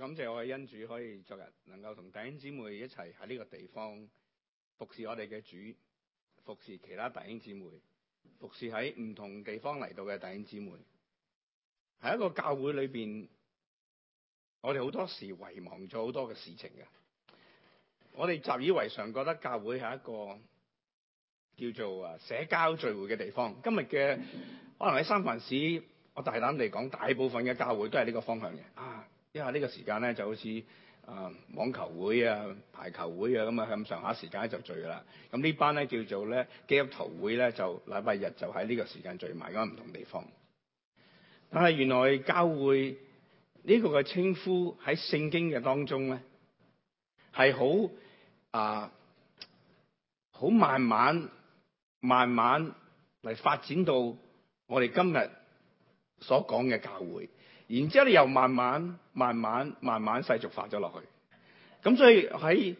感謝我嘅恩主，可以昨日能夠同弟兄姊妹一齊喺呢個地方服侍我哋嘅主，服侍其他弟兄姊妹，服侍喺唔同地方嚟到嘅弟兄姊妹。喺一個教會裏邊，我哋好多時遺忘咗好多嘅事情嘅。我哋習以為常，覺得教會係一個叫做啊社交聚會嘅地方。今日嘅可能喺三藩市，我大膽嚟講，大部分嘅教會都係呢個方向嘅啊。一下呢個時間咧就好似誒、呃、網球會啊排球會啊咁啊咁上下時間就聚啦。咁呢班咧叫做咧基督徒會咧就禮拜日就喺呢個時間聚埋，咁唔同地方。但係原來教會呢個嘅稱呼喺聖經嘅當中咧係好啊好慢慢慢慢嚟發展到我哋今日所講嘅教會。然之後你又慢慢、慢慢、慢慢世俗化咗落去，咁所以喺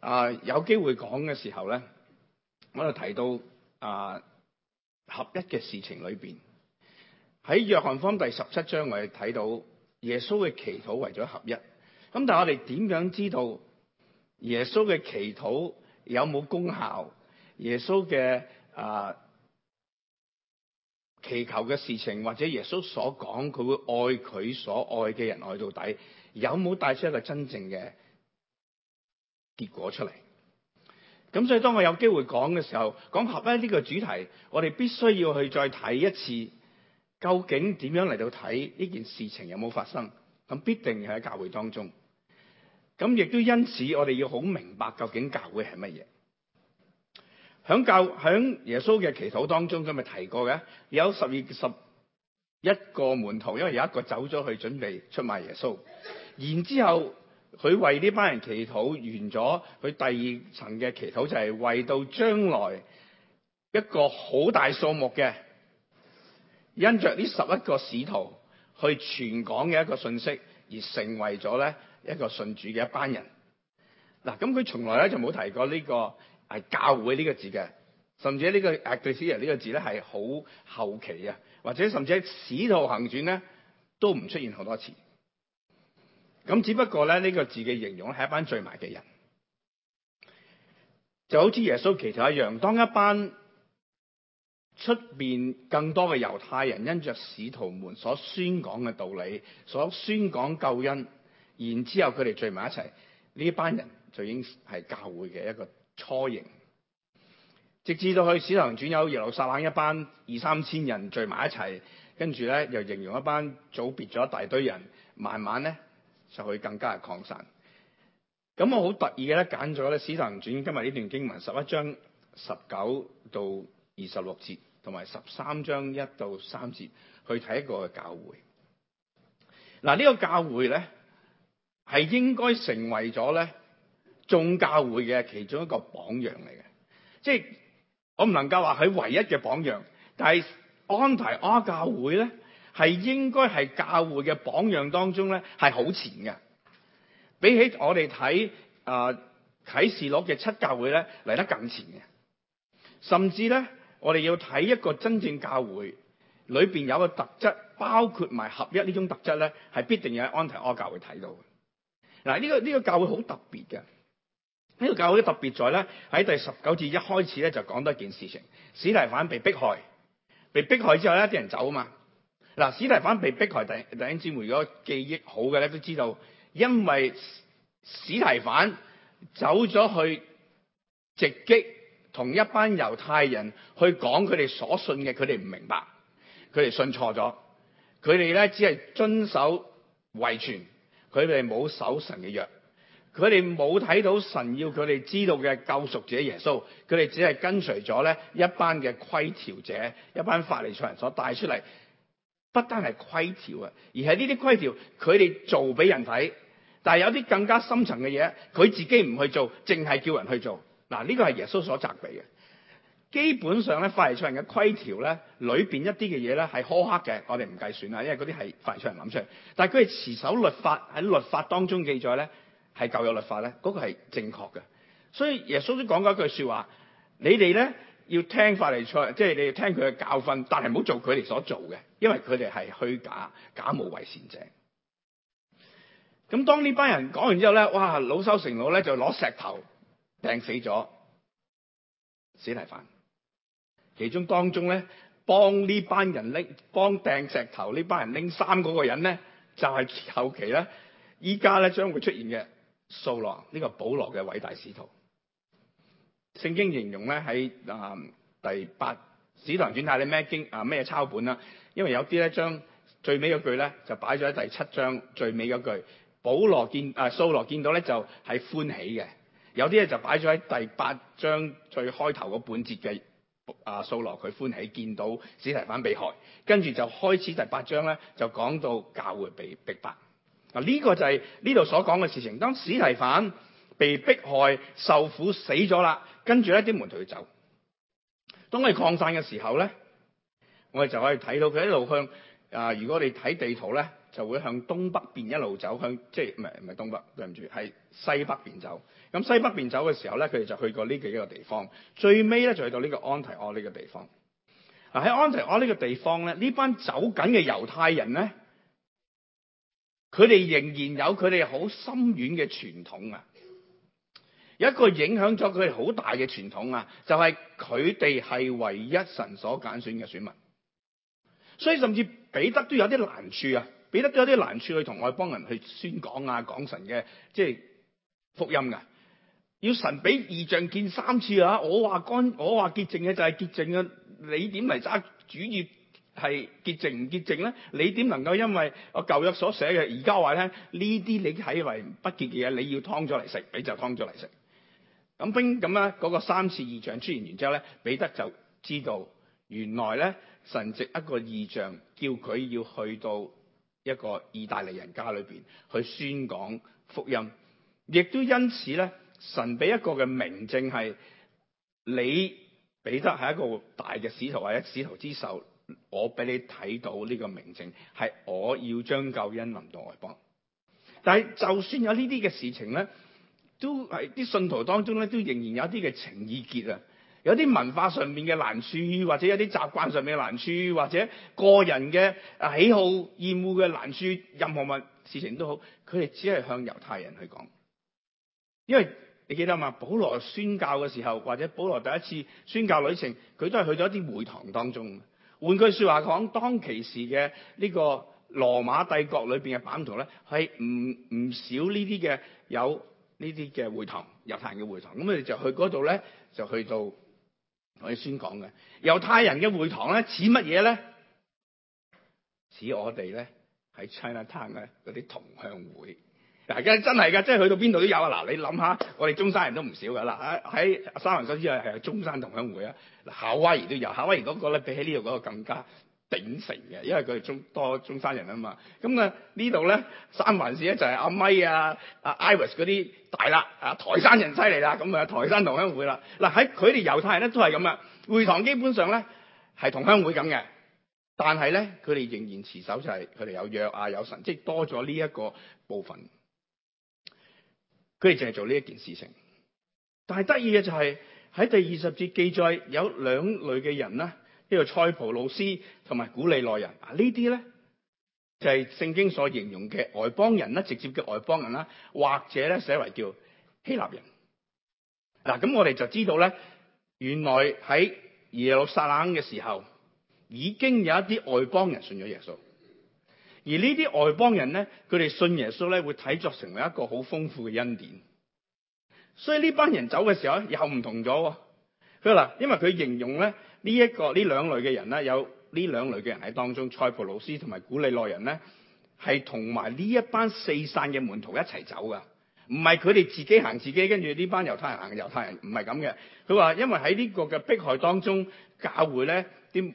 啊、呃、有機會講嘅時候咧，我就提到啊、呃、合一嘅事情裏邊，喺約翰福音第十七章我哋睇到耶穌嘅祈禱為咗合一，咁但係我哋點樣知道耶穌嘅祈禱有冇功效？耶穌嘅啊。呃祈求嘅事情，或者耶穌所講，佢會愛佢所愛嘅人愛到底，有冇帶出一個真正嘅結果出嚟？咁所以當我有機會講嘅時候，講合一呢個主題，我哋必須要去再睇一次，究竟點樣嚟到睇呢件事情有冇發生？咁必定係喺教會當中。咁亦都因此，我哋要好明白究竟教會係乜嘢。喺教喺耶穌嘅祈禱當中，佢咪提過嘅有十二十一個門徒，因為有一個走咗去準備出賣耶穌。然之後佢為呢班人祈禱完咗，佢第二層嘅祈禱就係為到將來一個好大數目嘅因着呢十一個使徒去傳講嘅一個信息而成為咗咧一個信主嘅一班人。嗱，咁佢從來咧就冇提過呢個。係教會呢個字嘅，甚至呢個 Ekklesia 呢個字咧，係好後期啊。或者甚至喺《使徒行傳》咧都唔出現好多次。咁只不過咧呢，這個字嘅形容咧係一班聚埋嘅人，就好似耶穌祈求一樣。當一班出邊更多嘅猶太人因着使徒們所宣講嘅道理，所宣講救恩，然之後佢哋聚埋一齊呢班人，就已經係教會嘅一個初型，直至到去使徒行傳有耶路撒冷一班二三千人聚埋一齊，跟住咧又形容一班早別咗一大堆人，慢慢咧就去更加嘅擴散。咁我好特意嘅咧揀咗咧《使徒行傳》今日呢段經文十一章十九到二十六節，同埋十三章一到三節去睇一個教會。嗱、啊、呢、呢個教會咧係應該成為咗咧。眾教會嘅其中一個榜樣嚟嘅，即係我唔能夠話佢唯一嘅榜樣，但係安提阿教會咧係應該係教會嘅榜樣當中咧係好前嘅，比起我哋睇啊啟示錄嘅七教會咧嚟得更前嘅，甚至咧我哋要睇一個真正教會裏邊有個特質，包括埋合一呢種特質咧係必定要喺安提阿教會睇到嘅。嗱，呢個呢個教會好特別嘅。呢、這個教會特別在咧喺第十九節一開始咧就講多一件事情，史提反被逼害，被逼害之後咧啲人走啊嘛。嗱、啊，史提反被逼害，第弟兄姊妹如果記憶好嘅咧都知道，因為史提反走咗去直擊同一班猶太人，去講佢哋所信嘅，佢哋唔明白，佢哋信錯咗，佢哋咧只係遵守遺傳，佢哋冇守神嘅約。佢哋冇睇到神要佢哋知道嘅救贖者耶穌，佢哋只係跟隨咗咧一班嘅規條者，一班法利賽人所帶出嚟，不單係規條啊，而係呢啲規條佢哋做俾人睇，但係有啲更加深層嘅嘢佢自己唔去做，淨係叫人去做。嗱、這、呢個係耶穌所責備嘅。基本上咧，法利賽人嘅規條咧裏邊一啲嘅嘢咧係苛刻嘅，我哋唔計算啦，因為嗰啲係法利賽人諗出嚟。但係佢哋持守律法喺律法當中記載咧。係教育律法咧，嗰、那個係正確嘅。所以耶穌都講過一句說話：你哋咧要聽法利賽，即係你要聽佢嘅教訓，但係唔好做佢哋所做嘅，因為佢哋係虛假、假冒為善者。咁當呢班人講完之後咧，哇！老羞成怒咧，就攞石頭掟死咗司提反。其中當中咧，幫呢班人拎、幫掟石頭呢班人拎衫嗰個人咧，就係、是、後期咧，依家咧將會出現嘅。蘇洛呢個保羅嘅偉大使徒，聖經形容咧喺啊第八使徒傳太你咩經啊咩抄本啦、啊，因為有啲咧將最尾嗰句咧就擺咗喺第七章最尾嗰句，保羅見啊掃羅見到咧就係歡喜嘅，有啲咧就擺咗喺第八章最開頭嗰半節嘅啊掃羅佢歡喜見到史提反被害，跟住就開始第八章咧就講到教會被逼白。嗱，呢個就係呢度所講嘅事情。當史提反被迫害、受苦死咗啦，跟住一啲門徒去走。當佢擴散嘅時候咧，我哋就可以睇到佢一路向啊、呃。如果你睇地圖咧，就會向東北邊一路走，向即係唔係唔係東北？對唔住，係西北邊走。咁西北邊走嘅時候咧，佢哋就去過呢幾個地方。最尾咧就去到呢個安提阿呢個地方。嗱，喺安提阿呢個地方咧，呢班走緊嘅猶太人咧。佢哋仍然有佢哋好深遠嘅傳統啊，有一個影響咗佢哋好大嘅傳統啊，就係佢哋係唯一神所揀選嘅選民，所以甚至彼得都有啲難處啊，彼得都有啲難處去同外邦人去宣講啊，講神嘅即係福音噶、啊，要神俾異象見三次啊，我話乾我話潔淨嘅就係潔淨啊，你點嚟揸主意？係潔淨唔潔淨咧？你點能夠因為我舊約所寫嘅，而家話聽呢啲你睇為不潔嘅嘢，你要劏咗嚟食，彼得就劏咗嚟食。咁並咁咧，嗰個三次異象出現完之後咧，彼得就知道原來咧，神藉一個異象叫佢要去到一個意大利人家裏邊去宣講福音。亦都因此咧，神俾一個嘅名證係你彼得係一個大嘅使徒，或者使徒之首。我俾你睇到呢個名稱，係我要將救恩臨到外邦。但係就算有呢啲嘅事情咧，都係啲信徒當中咧，都仍然有一啲嘅情意結啊，有啲文化上面嘅難處，或者有啲習慣上面嘅難處，或者個人嘅喜好厭惡嘅難處，任何問事情都好，佢哋只係向猶太人去講。因為你記得嘛，保羅宣教嘅時候，或者保羅第一次宣教旅程，佢都係去咗啲會堂當中。換句説話講，當其時嘅呢個羅馬帝國裏邊嘅版圖咧，係唔唔少呢啲嘅有呢啲嘅會堂，猶太人嘅會堂，咁你就去嗰度咧，就去到我哋先講嘅猶太人嘅會堂咧，似乜嘢咧？似我哋咧喺 China Town 咧嗰啲同鄉會。家真係噶，即係去到邊度都有啊！嗱，你諗下，我哋中山人都唔少噶啦。喺喺三藩市之外，係中山同鄉會啊。夏威夷都有夏威夷嗰個咧，比起呢度嗰個更加鼎盛嘅，因為佢哋中多中山人啊嘛。咁啊，呢度咧三藩市咧就係阿米啊、阿 Iris 嗰啲大啦啊，台山人犀利啦，咁啊台山同鄉會啦。嗱喺佢哋猶太人咧都係咁啊，會堂基本上咧係同鄉會咁嘅，但係咧佢哋仍然持守就係佢哋有約啊，有神，即係多咗呢一個部分。佢哋淨係做呢一件事情，但係得意嘅就係、是、喺第二十節記載有兩類嘅人啦，呢個塞浦路斯同埋古利奈人啊，這些呢啲咧就係、是、聖經所形容嘅外邦人啦，直接嘅外邦人啦，或者咧寫為叫希臘人嗱。咁我哋就知道咧，原來喺耶路撒冷嘅時候已經有一啲外邦人信咗耶穌。而呢啲外邦人咧，佢哋信耶穌咧，會睇作成為一個好豐富嘅恩典。所以呢班人走嘅時候又唔同咗。佢話嗱，因為佢形容咧呢一個兩呢兩類嘅人咧，有呢兩類嘅人喺當中，塞浦路斯同埋古利奈人咧，係同埋呢一班四散嘅門徒一齊走㗎，唔係佢哋自己行自己，跟住呢班猶太人行嘅猶太人，唔係咁嘅。佢話因為喺呢個嘅迫害當中，教會咧啲。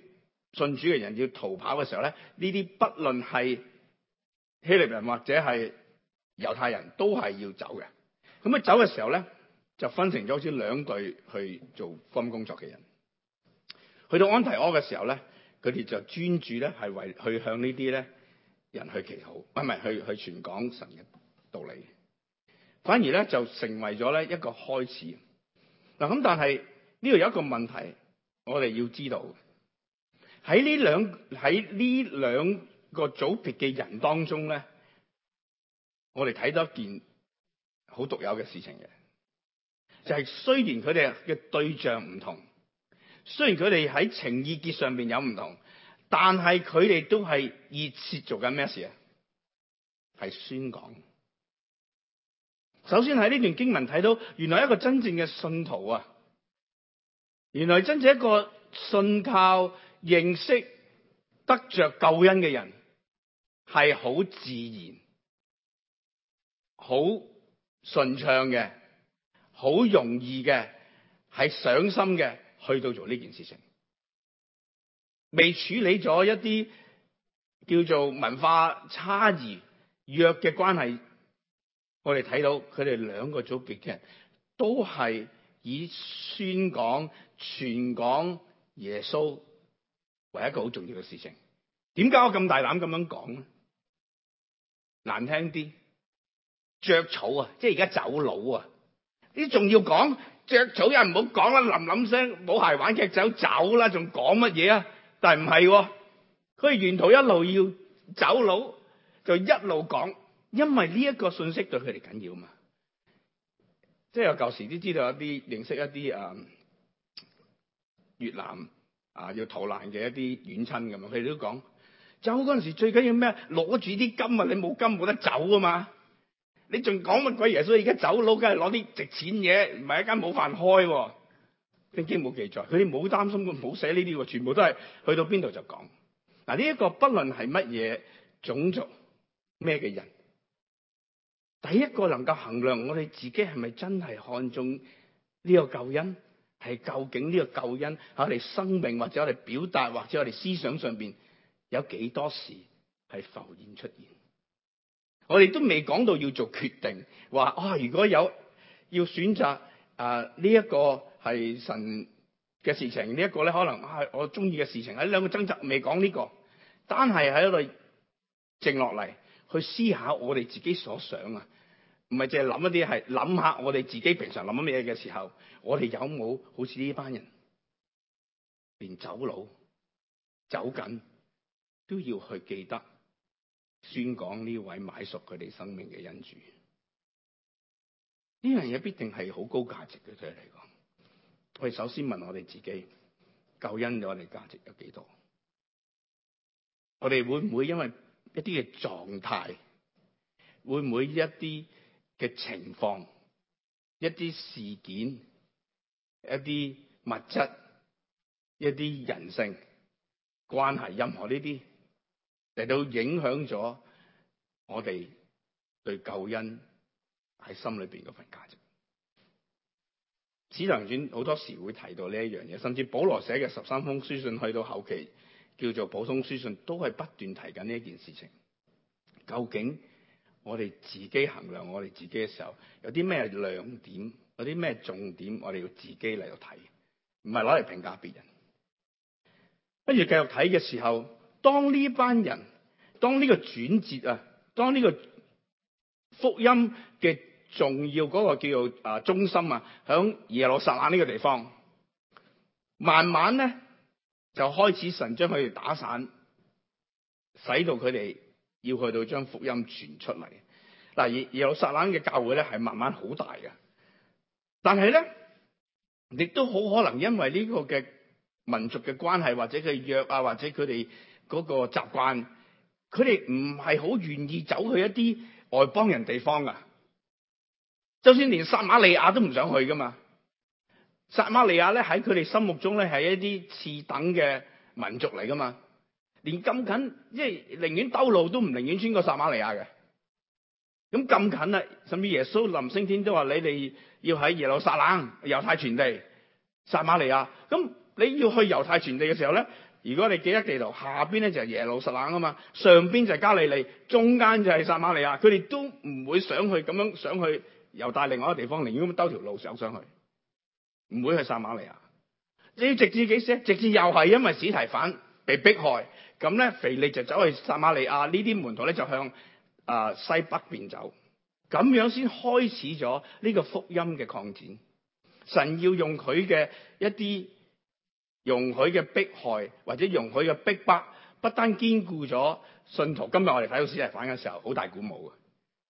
信主嘅人要逃跑嘅時候咧，呢啲不論係希臘人或者係猶太人都係要走嘅。咁啊走嘅時候咧，就分成咗好似兩隊去做分工作嘅人。去到安提阿嘅時候咧，佢哋就專注咧係為去向呢啲咧人去祈禱，唔係唔係去去傳講神嘅道理。反而咧就成為咗咧一個開始。嗱咁但係呢度有一個問題，我哋要知道。喺呢兩喺呢兩個組別嘅人當中咧，我哋睇到一件好獨有嘅事情嘅，就係雖然佢哋嘅對象唔同，雖然佢哋喺情意結上邊有唔同，但係佢哋都係熱切做緊咩事啊？係宣講。首先喺呢段經文睇到，原來一個真正嘅信徒啊，原來真正一個信靠。認識得着救恩嘅人係好自然、好順暢嘅、好容易嘅，係上心嘅去到做呢件事情。未處理咗一啲叫做文化差異、弱嘅關係，我哋睇到佢哋兩個組別嘅人都係以宣講、傳講耶穌係一個好重要嘅事情。點解我咁大膽咁樣講咧？難聽啲，着草啊！即係而家走佬啊！啲仲要講着草又唔好講啦，冧冧聲，冇鞋玩屐走走，走啦，仲講乜嘢啊？但係唔係，佢沿途一路要走佬，就一路講，因為呢一個信息對佢哋緊要啊嘛。即係我舊時都知道一啲認識一啲啊、嗯、越南。啊！要逃難嘅一啲遠親咁啊，佢哋都講走嗰陣時最緊要咩？攞住啲金啊！你冇金冇得走啊嘛！你仲講乜鬼嘢？所以而家走佬梗係攞啲值錢嘢，唔係一間冇飯開，啊。聖經冇記載，佢哋冇擔心過，冇寫呢啲，全部都係去到邊度就講。嗱、啊，呢一個不論係乜嘢種族咩嘅人，第一個能夠衡量我哋自己係咪真係看中呢個救恩。係究竟呢個救恩，我哋生命或者我哋表達或者我哋思想上邊有幾多事係浮現出現？我哋都未講到要做決定，話啊、哦、如果有要選擇啊呢一個係神嘅事情，這個、呢一個咧可能啊我中意嘅事情，喺兩個掙扎未講呢、這個，單係喺度靜落嚟去思考我哋自己所想啊。唔係淨係諗一啲，係諗下我哋自己平常諗乜嘢嘅時候，我哋有冇好似呢班人，連走佬、走緊都要去記得宣講呢位買贖佢哋生命嘅恩主？呢樣嘢必定係好高價值嘅，對嚟講。我哋首先問我哋自己，救恩咗我哋價值有幾多？我哋會唔會因為一啲嘅狀態，會唔會一啲？嘅情況，一啲事件、一啲物質、一啲人性關係，任何呢啲嚟到影響咗我哋對救恩喺心裏邊嗰份價值。使徒行傳好多時會提到呢一樣嘢，甚至保羅寫嘅十三封書信，去到後期叫做普通書信，都係不斷提緊呢一件事情。究竟？我哋自己衡量我哋自己嘅時候，有啲咩亮點，有啲咩重點，我哋要自己嚟到睇，唔係攞嚟評價別人。跟住繼續睇嘅時候，當呢班人，當呢個轉折啊，當呢個福音嘅重要嗰個，叫做啊中心啊，響耶路撒冷呢個地方，慢慢咧就開始神將佢哋打散，使到佢哋。要去到將福音傳出嚟，嗱，耶路撒冷嘅教會咧，係慢慢好大嘅。但係咧，亦都好可能因為呢個嘅民族嘅關係，或者佢約啊，或者佢哋嗰個習慣，佢哋唔係好願意走去一啲外邦人的地方噶。就算連撒瑪利亞都唔想去噶嘛，撒瑪利亞咧喺佢哋心目中咧係一啲次等嘅民族嚟噶嘛。連咁近，即係寧願兜路都唔寧願穿過撒馬利亞嘅。咁咁近啦，甚至耶穌臨升天都話：你哋要喺耶路撒冷、猶太全地、撒馬利亞。咁你要去猶太全地嘅時候咧，如果你記得地圖，下邊咧就係耶路撒冷啊嘛，上邊就係加利利，中間就係撒馬利亞。佢哋都唔會想去咁樣想去猶太另外一個地方，寧願咁兜條路上上去，唔會去撒馬利亞。你要直至幾時，直至又係因為史提反被迫害。咁咧，腓利就走去撒馬利亞，呢啲門徒咧就向啊、呃、西北邊走，咁樣先開始咗呢個福音嘅擴展。神要用佢嘅一啲容許嘅迫害，或者容許嘅逼迫，不單堅固咗信徒。今日我哋睇到司提反嘅時候，好大鼓舞嘅，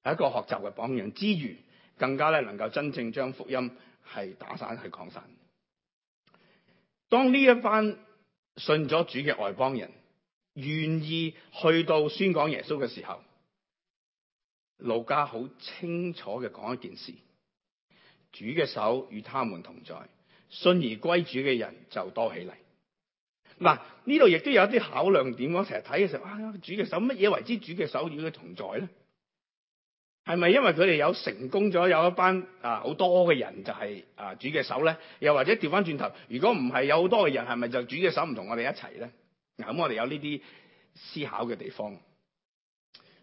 係一個學習嘅榜樣之餘更加咧能夠真正將福音係打散、去擴散。當呢一班信咗主嘅外邦人，願意去到宣講耶穌嘅時候，路加好清楚嘅講一件事：主嘅手與他們同在，信而歸主嘅人就多起嚟。嗱，呢度亦都有一啲考量點。我成日睇嘅時候是是啊、就是，啊，主嘅手乜嘢為之？主嘅手與佢同在咧，係咪因為佢哋有成功咗有一班啊好多嘅人就係啊主嘅手咧？又或者調翻轉頭，如果唔係有好多嘅人，係咪就主嘅手唔同我哋一齊咧？咁我哋有呢啲思考嘅地方，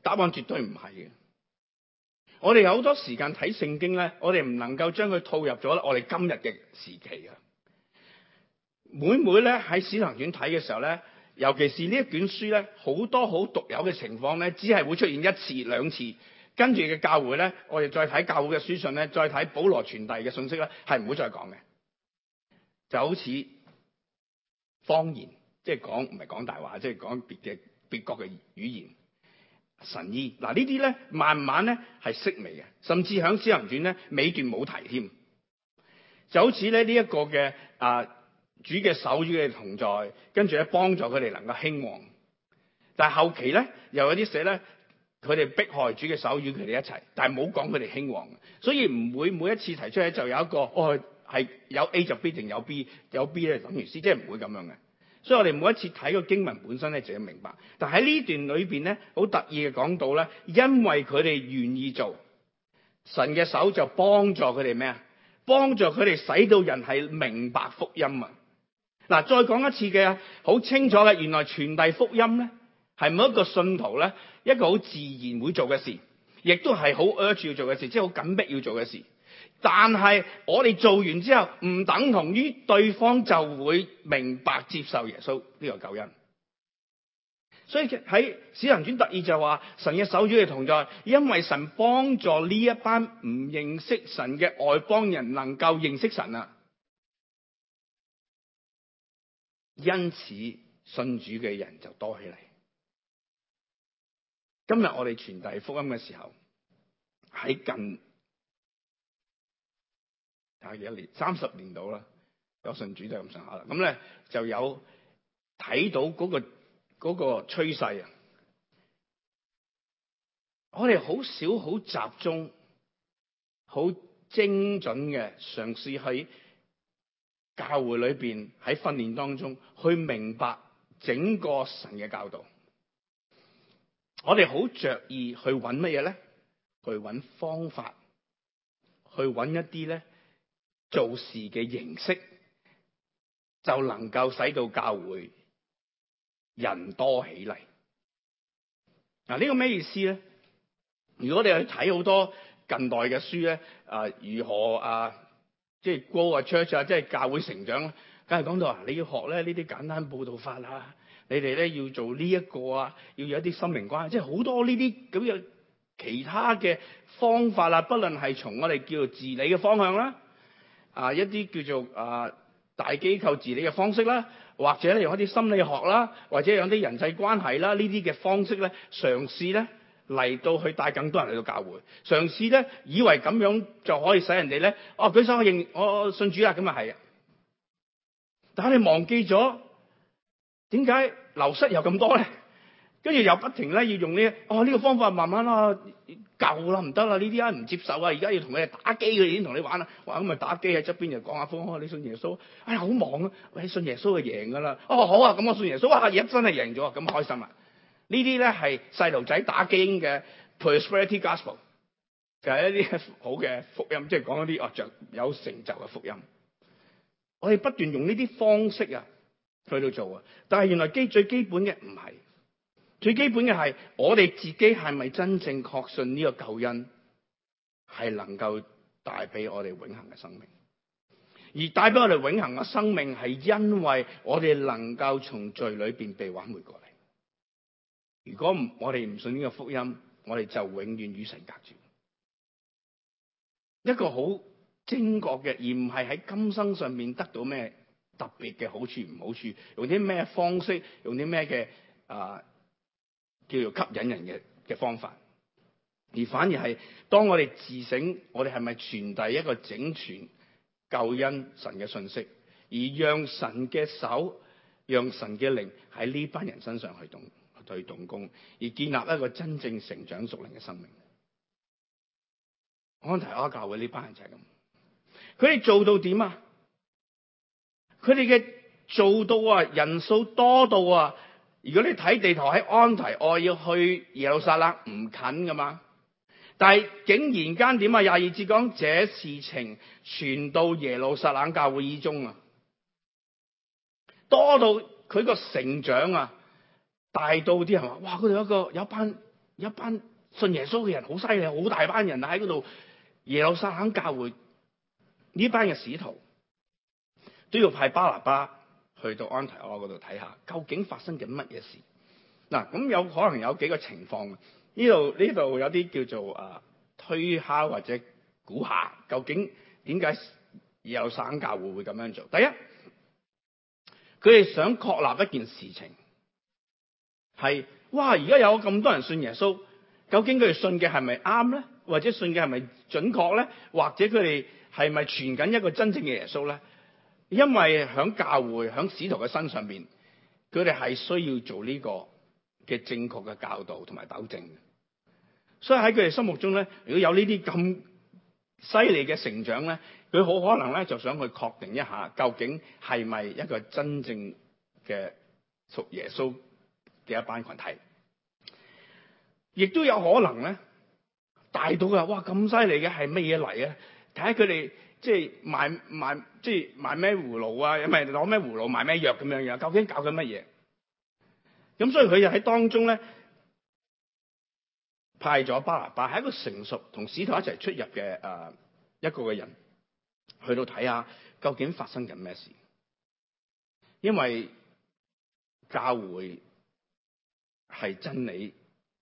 答案絕對唔係嘅。我哋有好多時間睇聖經咧，我哋唔能夠將佢套入咗我哋今日嘅時期啊！每每咧喺使徒行傳睇嘅時候咧，尤其是呢一卷書咧，好多好獨有嘅情況咧，只係會出現一次、兩次，跟住嘅教會咧，我哋再睇教會嘅書信咧，再睇保羅傳遞嘅信息咧，係唔會再講嘅，就好似方言。即係講唔係講大話，即係講別嘅別國嘅語言、神醫，嗱呢啲咧，慢慢咧係式微嘅，甚至響使徒行傳咧尾段冇提添。就好似咧呢一，這個嘅啊，主嘅手與嘅同在，跟住咧幫助佢哋能夠興旺。但係後期咧又有啲寫咧，佢哋迫害主嘅手與佢哋一齊，但係冇講佢哋興旺。所以唔會每一次提出咧就有一個哦係有 A 就必定有 B，有 B 咧等於 C，即係唔會咁樣嘅。所以我哋每一次睇個經文本身咧，就要明白。但喺呢段裏邊咧，好得意嘅講到咧，因為佢哋願意做，神嘅手就幫助佢哋咩啊？幫助佢哋使到人係明白福音啊！嗱，再講一次嘅，好清楚嘅，原來傳遞福音咧，係每一個信徒咧，一個好自然會做嘅事，亦都係好 urge 要做嘅事，即係好緊迫要做嘅事。但係我哋做完之後，唔等同於對方就會明白接受耶穌呢個救恩。所以喺《使徒行傳》特意就話，神嘅手，主嘅同在，因為神幫助呢一班唔認識神嘅外邦人能夠認識神啊，因此信主嘅人就多起嚟。今日我哋傳遞福音嘅時候，喺近。廿一年、三十年到啦，有信主就咁上下啦。咁咧就有睇到嗰個嗰個趨勢啊。我哋好少、好集中、好精準嘅嘗試喺教會裏邊，喺訓練當中去明白整個神嘅教導。我哋好着意去揾乜嘢咧？去揾方法，去揾一啲咧。做事嘅形式，就能夠使到教會人多起嚟。嗱、這、呢個咩意思咧？如果你去睇好多近代嘅書咧，啊如何啊即係 grow 啊 church 啊，即、就、係、是、教會成長，梗係講到啊，你要學咧呢啲簡單報道法啊，你哋咧要做呢、這、一個啊，要有一啲心靈關係，即係好多呢啲咁嘅其他嘅方法啦，不論係從我哋叫做治理嘅方向啦。啊！一啲叫做啊大機構治理嘅方式啦，或者咧用一啲心理學啦，或者用啲人際關係啦呢啲嘅方式咧，嘗試咧嚟到去帶更多人嚟到教會，嘗試咧以為咁樣就可以使人哋咧哦舉手我認我信主啦咁啊係，但係你忘記咗點解流失又咁多咧？跟住又不停咧要用呢哦呢個方法慢慢啦啊。夠啦，唔得啦！呢啲啊唔接受啊，而家要同佢哋打機，佢已經同你玩啦。哇！咁咪打機喺側邊就講下風，你信耶穌？哎呀，好忙啊！喂，信耶穌就贏噶啦。哦，好啊，咁我信耶穌。哇，而家真係贏咗，咁開心啊！呢啲咧係細路仔打機嘅 prosperity gospel，就係一啲好嘅福音，即係講一啲哦著有成就嘅福音。我哋不斷用呢啲方式啊去到做啊，但係原來最基本嘅唔係。最基本嘅係我哋自己係咪真正確信呢個救恩係能夠帶俾我哋永恒嘅生命？而帶俾我哋永恒嘅生命係因為我哋能夠從罪裏邊被挽回過嚟。如果唔我哋唔信呢個福音，我哋就永遠與神隔絕。一個好精確嘅，而唔係喺今生上面得到咩特別嘅好處唔好處，用啲咩方式，用啲咩嘅啊？叫做吸引人嘅嘅方法，而反而係當我哋自省，我哋係咪傳遞一個整全救恩神嘅信息，而讓神嘅手、讓神嘅靈喺呢班人身上去動、去動工，而建立一個真正成長屬靈嘅生命？安提阿教會呢班人就係咁，佢哋做到點啊？佢哋嘅做到啊，人數多到啊！如果你睇地圖喺安提阿，我要去耶路撒冷唔近噶嘛？但係竟然間點啊？廿二節講，這事情傳到耶路撒冷教會之中啊，多到佢個成長啊，大到啲人話，哇！佢哋有一個有班有班信耶穌嘅人好犀利，好大班人喺嗰度。耶路撒冷教會呢班嘅使徒都要派巴拿巴。去到安提阿嗰度睇下，究竟發生緊乜嘢事？嗱，啊，咁有可能有幾個情況。呢度呢度有啲叫做啊推敲或者估下，究竟點解有省教會會咁樣做？第一，佢哋想確立一件事情，係哇！而家有咁多人信耶穌，究竟佢哋信嘅係咪啱咧？或者信嘅係咪準確咧？或者佢哋係咪傳緊一個真正嘅耶穌咧？因為響教會，響使徒嘅身上邊，佢哋係需要做呢個嘅正確嘅教導同埋糾正嘅，所以喺佢哋心目中咧，如果有呢啲咁犀利嘅成長咧，佢好可能咧就想去確定一下，究竟係咪一個真正嘅屬耶穌嘅一班群體？亦都有可能咧，大到啊，哇咁犀利嘅係乜嘢嚟啊？睇下佢哋。即係賣賣即係賣咩葫蘆啊！又咪攞咩葫蘆賣咩藥咁樣樣？究竟搞緊乜嘢？咁所以佢就喺當中咧，派咗巴拿巴，係一個成熟同使徒一齊出入嘅誒、呃、一個嘅人，去到睇下究竟發生緊咩事。因為教會係真理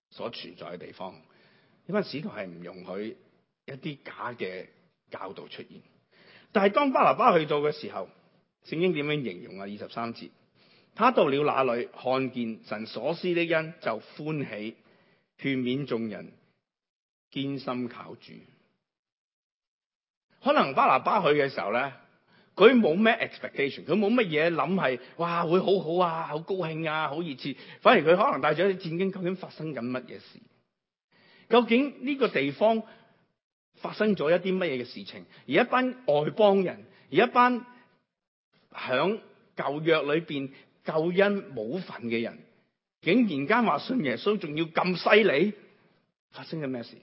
所存在嘅地方，因為使徒係唔容許一啲假嘅教導出現。但係當巴拿巴去到嘅時候，聖經點樣形容啊？二十三節，他到了那裏，看見神所賜的恩，就歡喜，勸勉眾人，堅心靠主。可能巴拿巴去嘅時候咧，佢冇咩 expectation，佢冇乜嘢諗係，哇，會好好啊，好高興啊，好熱切，反而佢可能帶咗一啲戰兢，究竟發生緊乜嘢事？究竟呢個地方？發生咗一啲乜嘢嘅事情，而一班外邦人，而一班響舊約裏邊救恩冇份嘅人，竟然間話信耶穌仲要咁犀利，發生咗咩事？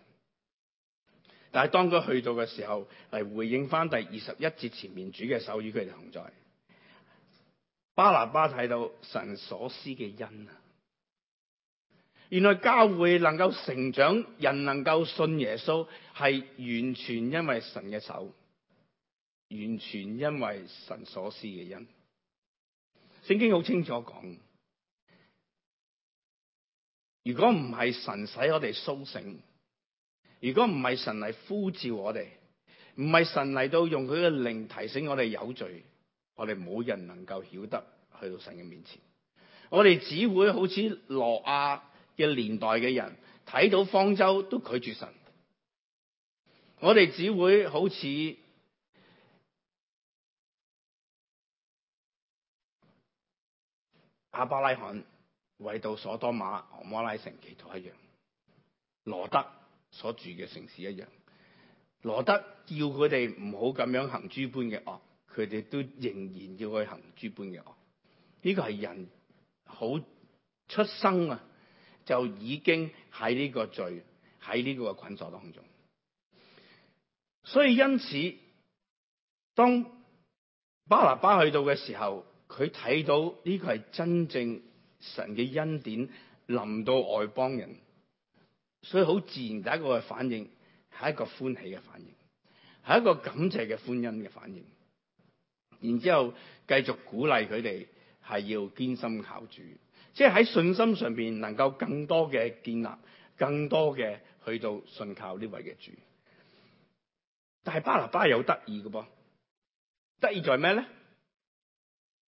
但係當佢去到嘅時候，嚟回應翻第二十一節前面主嘅手與佢哋同在。巴拿巴睇到神所施嘅恩啊！原來教會能夠成長，人能夠信耶穌，係完全因為神嘅手，完全因為神所施嘅恩。聖經好清楚講，如果唔係神使我哋蘇醒，如果唔係神嚟呼召我哋，唔係神嚟到用佢嘅靈提醒我哋有罪，我哋冇人能夠曉得去到神嘅面前。我哋只會好似羅亞。嘅年代嘅人睇到方舟都拒絕神，我哋只會好似亞伯拉罕為到所多瑪俄摩拉城祈禱一樣，羅德所住嘅城市一樣，羅德叫他們不要，佢哋唔好咁樣行諸般嘅惡，佢哋都仍然要去行諸般嘅惡。呢、呢個係人好出生啊！就已經喺呢個罪喺呢個捆鎖當中，所以因此，當巴拿巴去到嘅時候，佢睇到呢個係真正神嘅恩典臨到外邦人，所以好自然第一個嘅反應係一個歡喜嘅反應，係一個感謝嘅歡欣嘅反應，然之後繼續鼓勵佢哋係要堅心靠主。即係喺信心上面能夠更多嘅建立，更多嘅去到信靠呢位嘅主。但係巴拿巴係有得意嘅噃，得意在咩咧？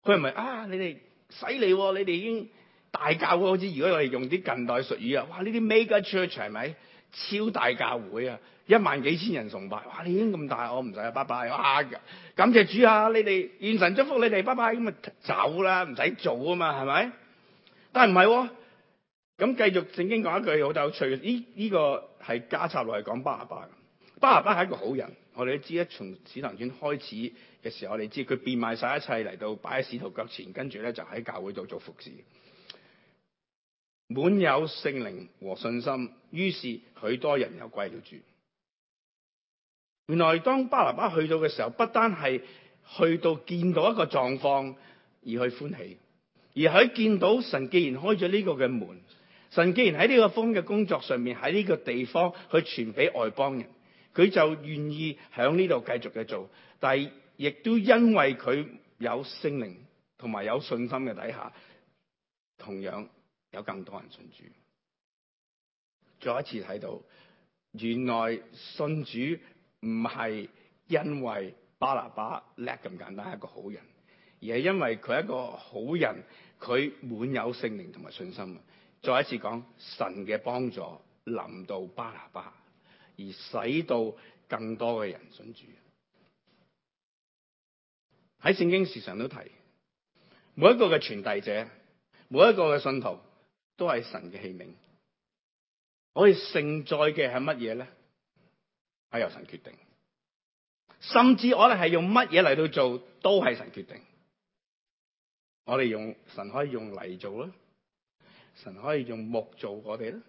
佢係咪啊！你哋犀利喎，你哋已經大教喎。好似如果我哋用啲近代術語啊，哇！呢啲 mega church 係咪超大教會啊？一萬幾千人崇拜，哇！你已經咁大，我唔使啊，拜拜！哇！感謝主啊，你哋願神祝福你哋，拜拜咁啊走啦，唔使做啊嘛，係咪？但係唔係喎？咁繼續聖經講一句好有趣，呢、呢個係加插落嚟講巴拿巴嘅。巴拿巴係一個好人，我哋都知啦。從使徒行傳開始嘅時候，我哋知佢變賣晒一切嚟到擺喺使徒腳前，跟住咧就喺教會度做服侍。滿有聖靈和信心。於是許多人又歸了主。原來當巴拿巴去到嘅時候，不單係去到見到一個狀況而去歡喜。而佢見到神既然開咗呢個嘅門，神既然喺呢個封嘅工作上面，喺呢個地方去傳俾外邦人，佢就願意響呢度繼續嘅做，但係亦都因為佢有聖靈同埋有信心嘅底下，同樣有更多人信主。再一次睇到，原來信主唔係因為巴拿巴叻咁簡單，係一個好人。而係因為佢係一個好人，佢滿有聖靈同埋信心。再一次講，神嘅幫助臨到巴拿巴，而使到更多嘅人信主。喺聖經時常都提，每一個嘅傳遞者，每一個嘅信徒都係神嘅器皿。我哋承載嘅係乜嘢咧？係由神決定。甚至我哋係用乜嘢嚟到做，都係神決定。我哋用神可以用泥做啦，神可以用木做我哋啦，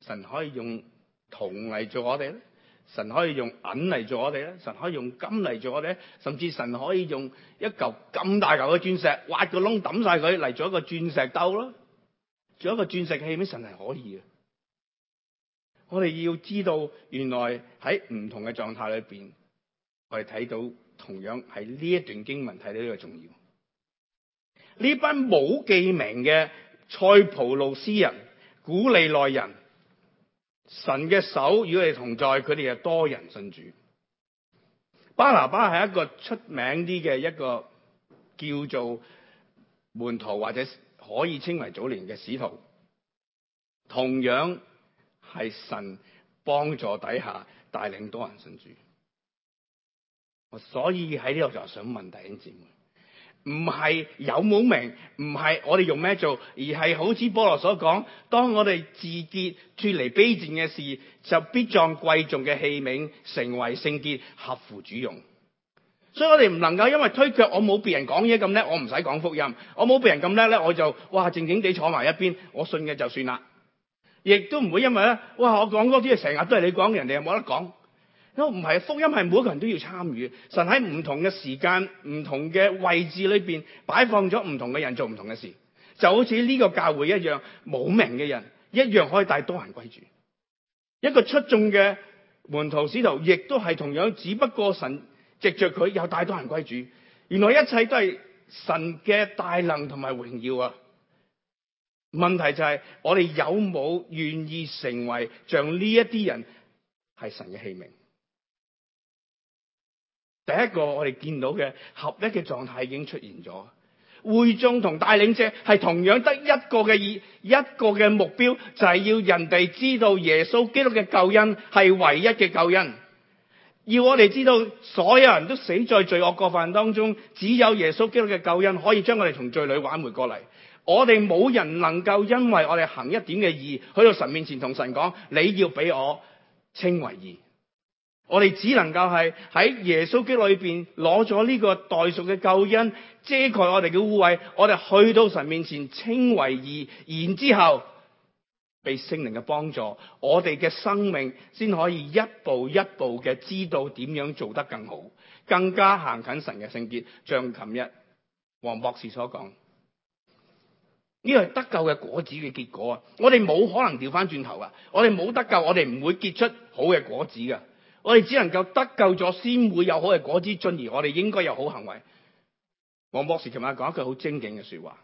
神可以用銅嚟做我哋啦，神可以用銀嚟做我哋啦，神可以用金嚟做我哋，甚至神可以用一嚿咁大嚿嘅鑽石挖個窿抌晒佢嚟做一個鑽石兜啦，做一個鑽石器皿，神係可以嘅。我哋要知道，原來喺唔同嘅狀態裏邊，我哋睇到同樣喺呢一段經文睇到呢個重要。呢班冇記名嘅塞浦路斯人、古利奈人，神嘅手與佢哋同在，佢哋係多人信主。巴拿巴係一個出名啲嘅一個叫做門徒，或者可以稱為早年嘅使徒，同樣係神幫助底下帶領多人信主。我所以喺呢度就想問弟兄姊妹。唔係有冇名，唔係我哋用咩做，而係好似保羅所講，當我哋自潔脫離卑賤嘅事，就必葬貴重嘅器皿，成為聖潔，合乎主用。所以我哋唔能夠因為推卻，我冇別人講嘢咁叻，我唔使講福音；我冇別人咁叻咧，我就哇，靜靜地坐埋一邊，我信嘅就算啦。亦都唔會因為咧，哇我講多啲，成日都係你講，人哋又冇得講。都唔係福音，係每個人都要參與。神喺唔同嘅時間、唔同嘅位置裏邊擺放咗唔同嘅人做唔同嘅事，就好似呢個教會一樣，冇名嘅人一樣可以帶多人歸主。一個出眾嘅門徒、使徒，亦都係同樣，只不過神藉着佢有帶多人歸主。原來一切都係神嘅大能同埋榮耀啊！問題就係、是、我哋有冇願意成為像呢一啲人，係神嘅器皿？第一個我哋見到嘅合一嘅狀態已經出現咗，會眾同帶領者係同樣得一個嘅意，一個嘅目標就係要人哋知道耶穌基督嘅救恩係唯一嘅救恩，要我哋知道所有人都死在罪惡過犯當中，只有耶穌基督嘅救恩可以將我哋從罪裏挽回過嚟。我哋冇人能夠因為我哋行一點嘅義，去到神面前同神講，你要俾我稱為義。我哋只能夠係喺耶穌基督裏邊攞咗呢個代贖嘅救恩，遮蓋我哋嘅污穢，我哋去到神面前稱為義，然之後被聖靈嘅幫助，我哋嘅生命先可以一步一步嘅知道點樣做得更好，更加行近神嘅聖潔。像琴日黃博士所講，呢個係得救嘅果子嘅結果啊！我哋冇可能掉翻轉頭噶，我哋冇得救，我哋唔會結出好嘅果子噶。我哋只能夠得救咗先會有好嘅果子，進而我哋應該有好行為。王博士琴晚講一句好精警嘅說話：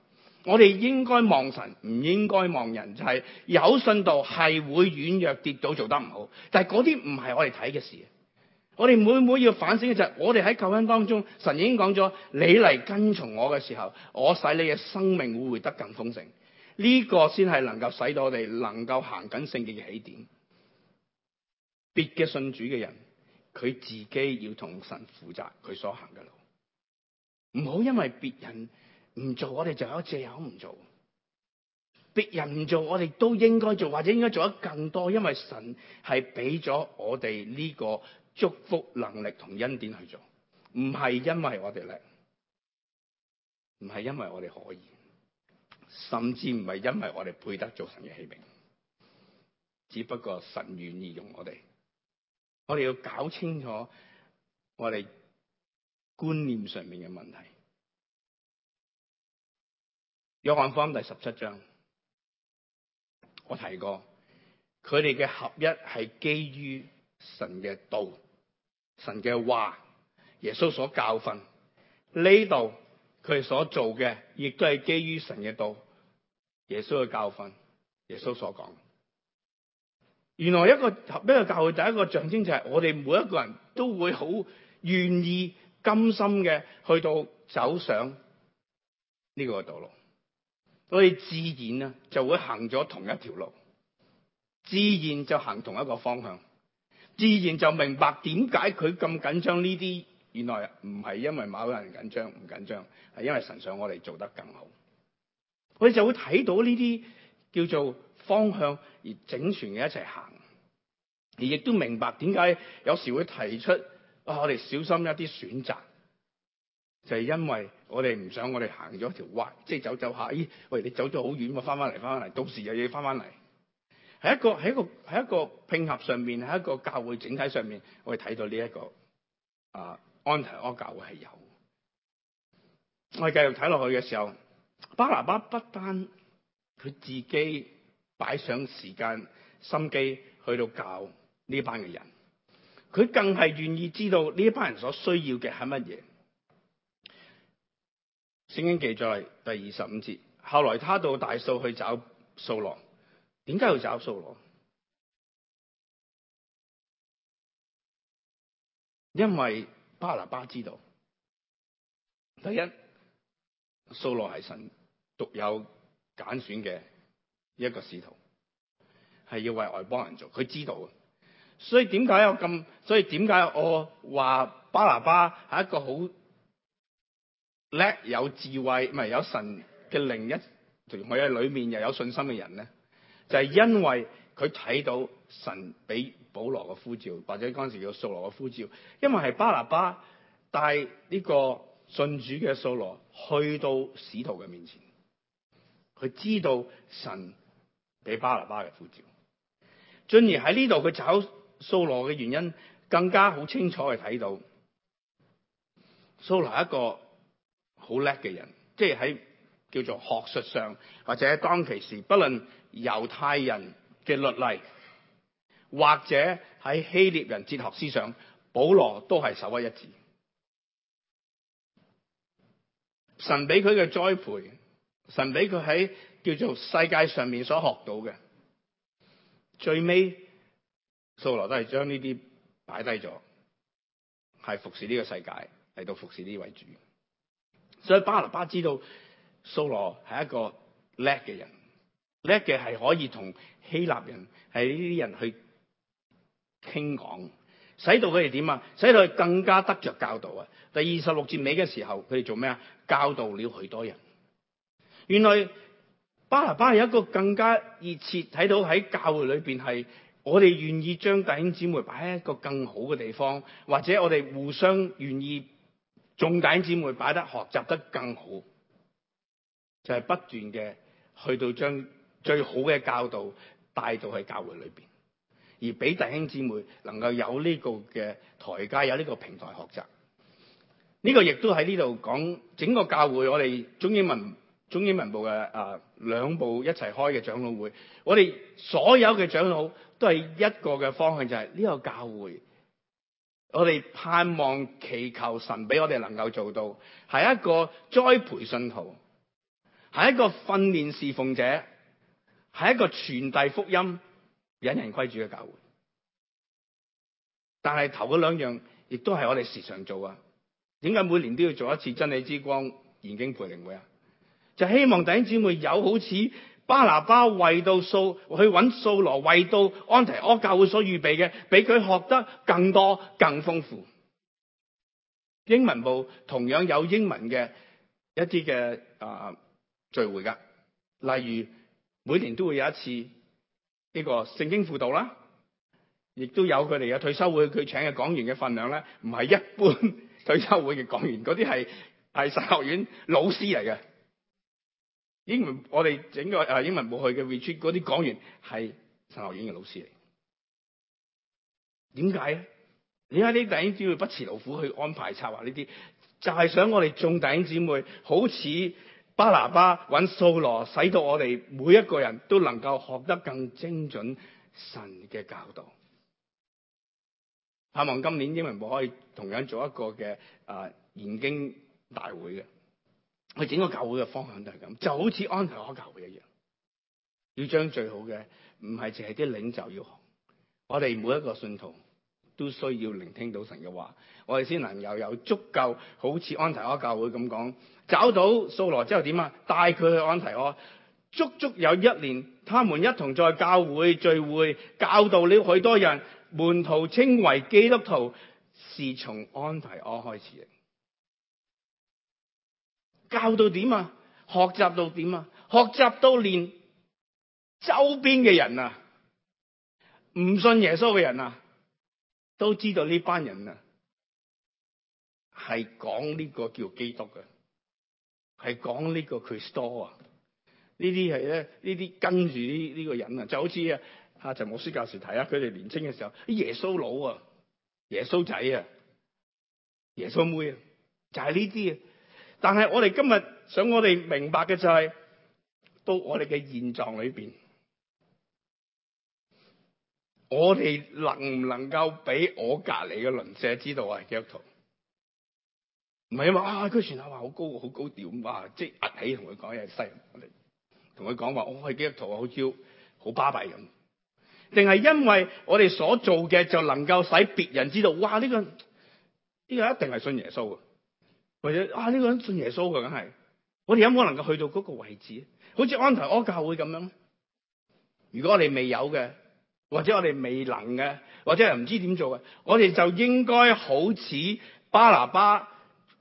我哋應該望神，唔應該望人。就係有信度係會軟弱跌倒，做得唔好，但係嗰啲唔係我哋睇嘅事。我哋每每要反省嘅就係，我哋喺救恩當中，神已經講咗：你嚟跟從我嘅時候，我使你嘅生命會會得更豐盛。呢個先係能夠使到我哋能夠行緊聖潔嘅起點。別嘅信主嘅人，佢自己要同神負責佢所行嘅路，唔好因為別人唔做，我哋就有借口唔做，別人唔做，我哋都應該做，或者應該做得更多，因為神係俾咗我哋呢個祝福能力同恩典去做，唔係因為我哋叻，唔係因為我哋可以，甚至唔係因為我哋配得做神嘅器皿，只不過神願意用我哋。我哋要搞清楚我哋觀念上面嘅問題。約翰福音第十七章，我提過，佢哋嘅合一係基於神嘅道、神嘅話、耶穌所教訓。呢度佢哋所做嘅，亦都係基於神嘅道、耶穌嘅教訓、耶穌所講。原來一個合一教會第一個象徵就係我哋每一個人都會好願意甘心嘅去到走上呢個道路，我哋自然就會行咗同一條路，自然就行同一個方向，自然就明白點解佢咁緊張呢啲，原來唔係因為某人緊張唔緊張，係因為神想我哋做得更好，我哋就會睇到呢啲叫做，方向而整全嘅一齊行，而亦都明白點解有時會提出啊，我哋小心一啲選擇，就係因為我哋唔想我哋行咗條彎，即係走走下，咦？喂，你走咗好遠啊，翻翻嚟，翻翻嚟，到時又要翻翻嚟，係一個喺一個喺一個拼合上面，喺一個教會整體上面，我哋睇到呢一個啊，安提阿教會係有。我哋繼續睇落去嘅時候，巴拿巴不單佢自己。擺上時間、心機去到教呢班嘅人，佢更係願意知道呢一班人所需要嘅係乜嘢。聖經記載第二十五節，後來他到大數去找掃羅，點解要找掃羅？因為巴拿巴知道，第一，掃羅係神獨有揀選嘅。一個使徒係要為外邦人做，佢知道啊，所以點解我咁？所以點解我話巴拿巴係一個好叻、有智慧，唔係有神嘅靈一同我喺裏面又有信心嘅人咧？就係、是，因為佢睇到神俾保羅嘅呼召，或者嗰陣時叫掃羅嘅呼召，因為係巴拿巴帶呢個信主嘅掃羅去到使徒嘅面前，佢知道神。俾巴拿巴嘅呼召，進而喺呢度佢找掃羅嘅原因，更加好清楚嘅睇到掃羅一個好叻嘅人，即係喺叫做學術上或者當其時不論猶太人嘅律例，或者喺希臘人哲學思想，保羅都係首屈一指。神俾佢嘅栽培，神俾佢喺。叫做世界上面所學到嘅，最尾掃羅都係將呢啲擺低咗，係服侍呢個世界嚟到服侍呢位主。所以巴拿巴知道掃羅係一個叻嘅人，叻嘅係可以同希臘人係呢啲人去傾講，使到佢哋點啊？使到佢更加得着教導啊！第二十六節尾嘅時候，佢哋做咩啊？教導了許多人。原來。巴拿巴有一個更加熱切，睇到喺教會裏面係我哋願意將弟兄姊妹擺喺一個更好嘅地方，或者我哋互相願意仲弟兄姊妹擺得學習得更好，就係不斷嘅去到將最好嘅教導帶到去教會裏面，而俾弟兄姊妹能夠有呢個嘅台階，有呢個平台學習。呢個亦都喺呢度講整個教會，我哋中英文。中英文部嘅呃、兩部一齊開嘅長老會，我哋所有嘅長老都係一個嘅方向，就係、是、呢個教會，我哋盼望祈求神俾我哋能夠做到，係一個栽培信徒，係一個訓練侍奉者，係一個傳遞福音、引人歸主嘅教會。但係頭嗰兩樣亦都係我哋時常做啊！點解每年都要做一次真理之光研經培靈會啊？就希望弟兄姊妹有好似巴拿巴為到掃去揾掃羅，為到安提阿教會所預備嘅，俾佢學得更多、更豐富。英文部同樣有英文嘅一啲嘅，啊聚會噶，例如每年都會有一次呢個聖經輔導啦，亦都有佢哋嘅退休會。佢請嘅講員嘅份量咧，唔係一般退休會嘅講員，嗰啲係係神學院老師嚟嘅。英文我哋整個誒英文部去嘅 retreat 嗰啲講員係神學院嘅老師嚟。點解咧？點解呢弟兄姊妹不辭勞苦去安排策劃呢啲，就係、是、想我哋眾弟兄姊妹好似巴拿巴揾掃羅，使到我哋每一個人都能夠學得更精準神嘅教導。盼望今年英文部可以同樣做一個嘅誒研經大會嘅。去整個教會嘅方向都係咁，就好似安提阿教會一樣，要將最好嘅，唔係淨係啲領袖要學，我哋每一個信徒都需要聆聽到神嘅話，我哋先能又有足夠，好似安提阿教會咁講，找到掃羅之後點啊，帶佢去安提阿，足足有一年，他們一同在教會聚會，教導了許多人，門徒稱為基督徒，是從安提阿開始嘅。教到點啊？學習到點啊？學習到連周邊嘅人啊，唔信耶穌嘅人啊，都知道呢班人啊係講呢個叫基督嘅，係講呢個 Christo 啊。這啊這些呢啲係咧，呢啲跟住呢呢個人啊，就好似啊阿陳牧師教時睇啊，佢、啊、哋、啊、年青嘅時候啲耶穌佬啊，耶穌仔啊，耶穌妹啊，就係呢啲啊。但係我哋今日想我哋明白嘅就係，到我哋嘅現狀裏邊，我哋能唔能夠俾我隔籬嘅鄰舍知道我係基督徒？唔係因為啊，佢前下話好高好高調咁啊，即係壓起同佢講嘢細，同佢講話我係基督徒啊，好似好巴閉咁，定係因為我哋所做嘅就能夠使別人知道，哇呢個呢個一定係信耶穌嘅！或者啊呢、這個人信耶穌嘅，梗係我哋有冇能夠去到嗰個位置？好似安提阿教會咁樣。如果我哋未有嘅，或者我哋未能嘅，或者係唔知點做嘅，我哋就應該好似巴拿巴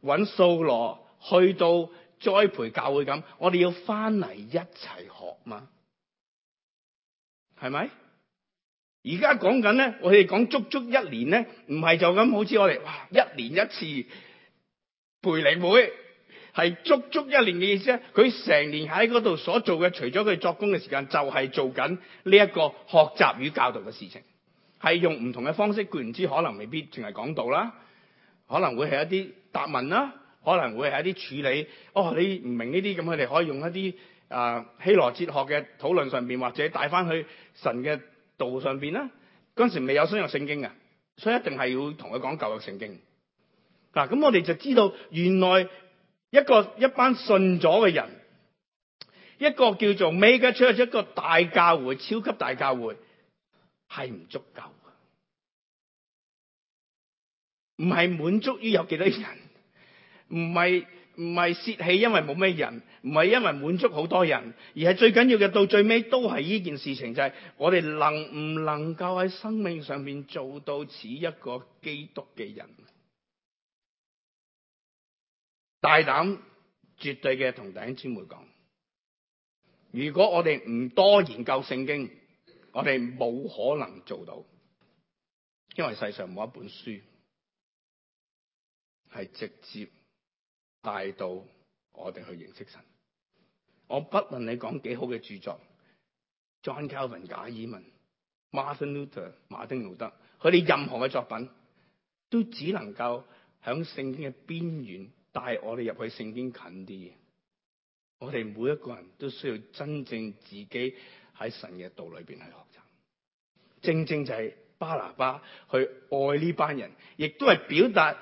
揾掃羅去到栽培教會咁。我哋要翻嚟一齊學嘛？係咪？而家講緊咧，我哋講足足一年咧，唔係就咁，好似我哋哇一年一次。培靈會係足足一年嘅意思咧，佢成年喺嗰度所做嘅，除咗佢作工嘅時間，就係、是、做緊呢一個學習與教導嘅事情，係用唔同嘅方式。固然之可能未必淨係講道啦，可能會係一啲答問啦，可能會係一啲處理。哦，你唔明呢啲咁，佢哋可以用一啲啊希羅哲學嘅討論上邊，或者帶翻去神嘅道上邊啦。嗰陣時未有新約聖經嘅，所以一定係要同佢講舊約聖經。嗱，咁我哋就知道，原來一個一班信咗嘅人，一個叫做 Mega Church 出一個大教會、超級大教會，係唔足夠嘅，唔係滿足於有幾多人，唔係唔係洩氣，因為冇咩人，唔係因為滿足好多人，而係最緊要嘅，到最尾都係呢件事情，就係、是、我哋能唔能夠喺生命上面做到似一個基督嘅人。大膽絕對嘅同弟兄姊妹講，如果我哋唔多研究聖經，我哋冇可能做到，因為世上冇一本書係直接帶到我哋去認識神。我不論你講幾好嘅著作，John Calvin、加爾文、Martin Luther、馬丁路德，佢哋任何嘅作品都只能夠響聖經嘅邊緣。帶我哋入去聖經近啲，我哋每一個人都需要真正自己喺神嘅道裏邊去學習。正正就係巴拿巴去愛呢班人，亦都係表達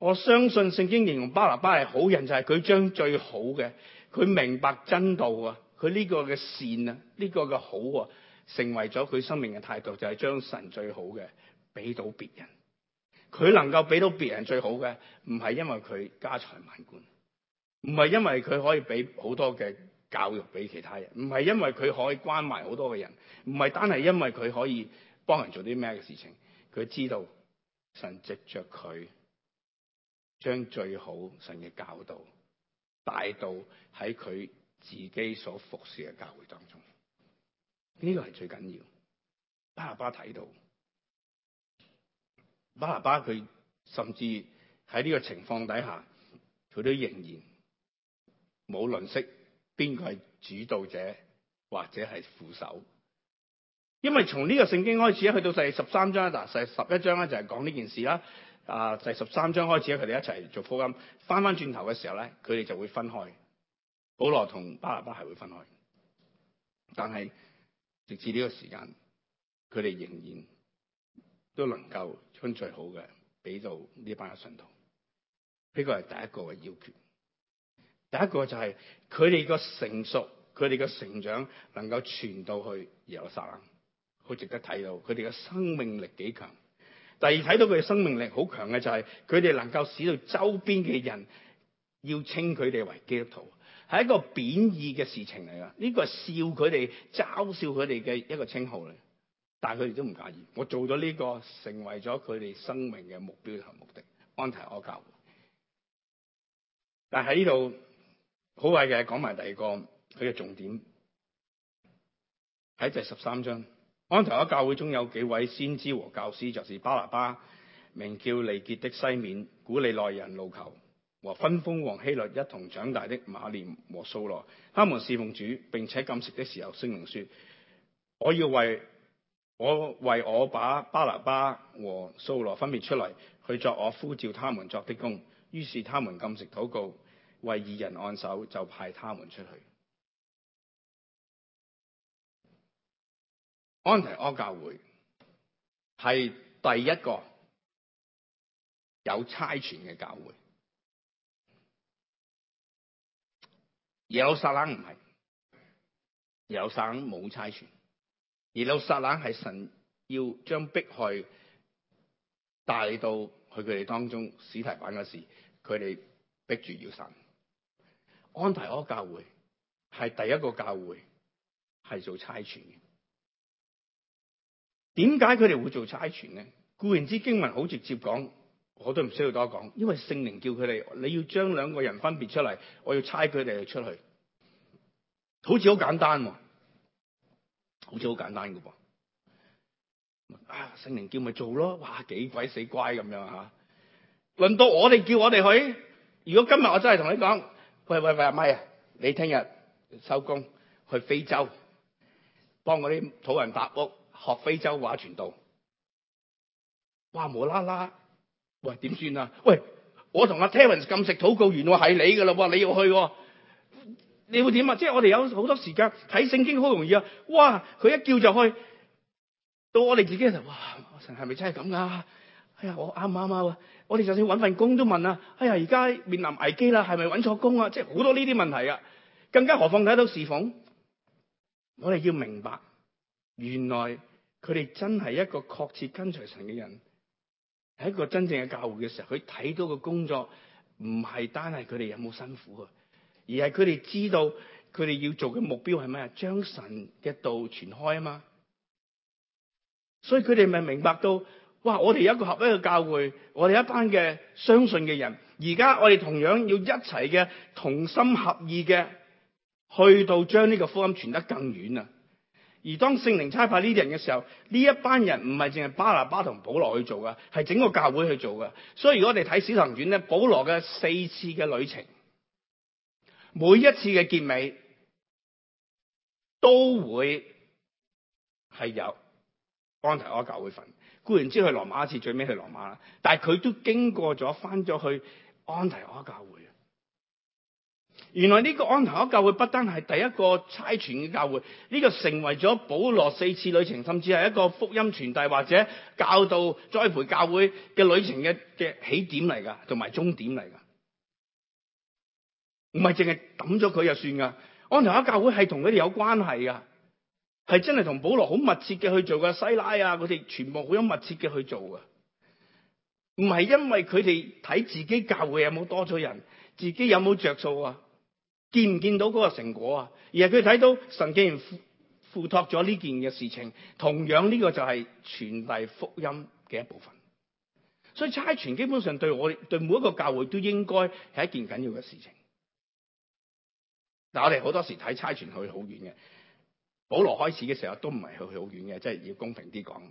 我相信聖經形容巴拿巴係好人，就係佢將最好嘅，佢明白真道啊，佢呢個嘅善啊，呢個嘅好啊，成為咗佢生命嘅態度，就係將神最好嘅俾到別人。佢能夠俾到別人最好嘅，唔係因為佢家財萬貫，唔係因為佢可以俾好多嘅教育俾其他人，唔係因為佢可以關埋好多嘅人，唔係單係因為佢可以幫人做啲咩嘅事情。佢知道神藉着佢將最好神嘅教導帶到喺佢自己所服侍嘅教會當中，呢個係最緊要。巴拿巴睇到。巴拿巴佢甚至喺呢個情況底下，佢都仍然冇吝嗇，邊個係主導者或者係副手，因為從呢個聖經開始咧，去到第十三章啊，嗱第十一章咧就係講呢件事啦。啊，第十三章開始咧，佢哋一齊做福音。翻翻轉頭嘅時候咧，佢哋就會分開。保羅同巴拿巴係會分開，但係直至呢個時間，佢哋仍然。都能夠將最好嘅俾到呢班嘅信徒，呢個係第一個嘅要訣。第一個就係佢哋個成熟，佢哋嘅成長能夠傳到去耶路撒冷，好值得睇到佢哋嘅生命力幾強。第二，睇到佢嘅生命力好強嘅就係佢哋能夠使到周邊嘅人要稱佢哋為基督徒，係一個貶義嘅事情嚟噶。呢、這個係笑佢哋、嘲笑佢哋嘅一個稱號嚟。但係佢哋都唔介意，我做咗呢、這個，成為咗佢哋生命嘅目標同目的。安提阿教會，但喺呢度好偉嘅，講埋第二個佢嘅重點喺第十三章。安提阿教會中有幾位先知和教師，就是巴拿巴，名叫利杰的西面、古利奈人路求，和分封王希律一同長大的馬念和掃羅，他們侍奉主並且禁食的時候，聖靈說：我要為我為我把巴拿巴和掃羅分別出來，去作我呼召他們作的工。於是他們禁食禱告，為二人按手，就派他們出去。安提阿教會係第一個有差傳嘅教會，耶路撒冷唔係，耶路撒冷冇差傳。而路撒冷係神要將迫害帶到去佢哋當中司提反嘅事，佢哋逼住要散。安提阿教會係第一個教會係做差傳嘅。點解佢哋會做差傳咧？固然之經文好直接講，我都唔需要多講，因為聖靈叫佢哋你要將兩個人分別出嚟，我要差佢哋出去，好似好簡單，啊。好似好簡單噶噃，啊聖靈叫咪做咯，哇幾鬼死乖咁樣吓，輪到我哋叫我哋去。如果今日我真係同你講，喂喂喂阿咪啊，你聽日收工去非洲幫嗰啲土人搭屋，學非洲話傳道，哇無啦啦，喂點算啊？喂，我同阿 Terrence 禁食禱告完話係你噶啦，你要去。你會點啊？即係我哋有好多時間睇聖經好容易啊！哇，佢一叫就去到，我哋自己就哇，神係咪真係咁噶？哎呀，我啱唔啱啊？我哋就算揾份工都問啊！哎呀，而家面臨危機啦，係咪揾錯工啊？即係好多呢啲問題啊！更加何況睇到侍奉？我哋要明白，原來佢哋真係一個確切跟隨神嘅人，喺一個真正嘅教會嘅時候，佢睇到嘅工作唔係單係佢哋有冇辛苦啊。而係佢哋知道佢哋要做嘅目標係咩啊？將神嘅道傳開啊嘛！所以佢哋咪明白到，哇！我哋有一個合一嘅教會，我哋一班嘅相信嘅人，而家我哋同樣要一齊嘅同心合意嘅，去到將呢個福音傳得更遠啊！而當聖靈差派呢啲人嘅時候，呢一班人唔係淨係巴拿巴同保羅去做噶，係整個教會去做噶。所以如果我哋睇使徒行傳咧，保羅嘅四次嘅旅程。每一次嘅結尾都會係有安提阿教會份，固然之去羅馬一次最尾去羅馬啦，但係佢都經過咗翻咗去安提阿教會。原來呢個安提阿教會不單係第一個差傳嘅教會，呢、這個成為咗保羅四次旅程，甚至係一個福音傳遞或者教導栽培教會嘅旅程嘅嘅起點嚟噶，同埋終點嚟噶。唔係淨係抌咗佢就算噶，安提阿教會係同佢哋有關係噶，係真係同保羅好密切嘅去做噶，西拉啊，佢哋全部好有密切嘅去做噶。唔係因為佢哋睇自己教會有冇多咗人，自己有冇着數啊，見唔見到嗰個成果啊？而係佢睇到神既然附託咗呢件嘅事情，同樣呢個就係傳遞福音嘅一部分。所以差傳基本上對我哋對每一個教會都應該係一件緊要嘅事情。但我哋好多時睇，差傳去好遠嘅。保羅開始嘅時候都唔係去好遠嘅，即係要公平啲講，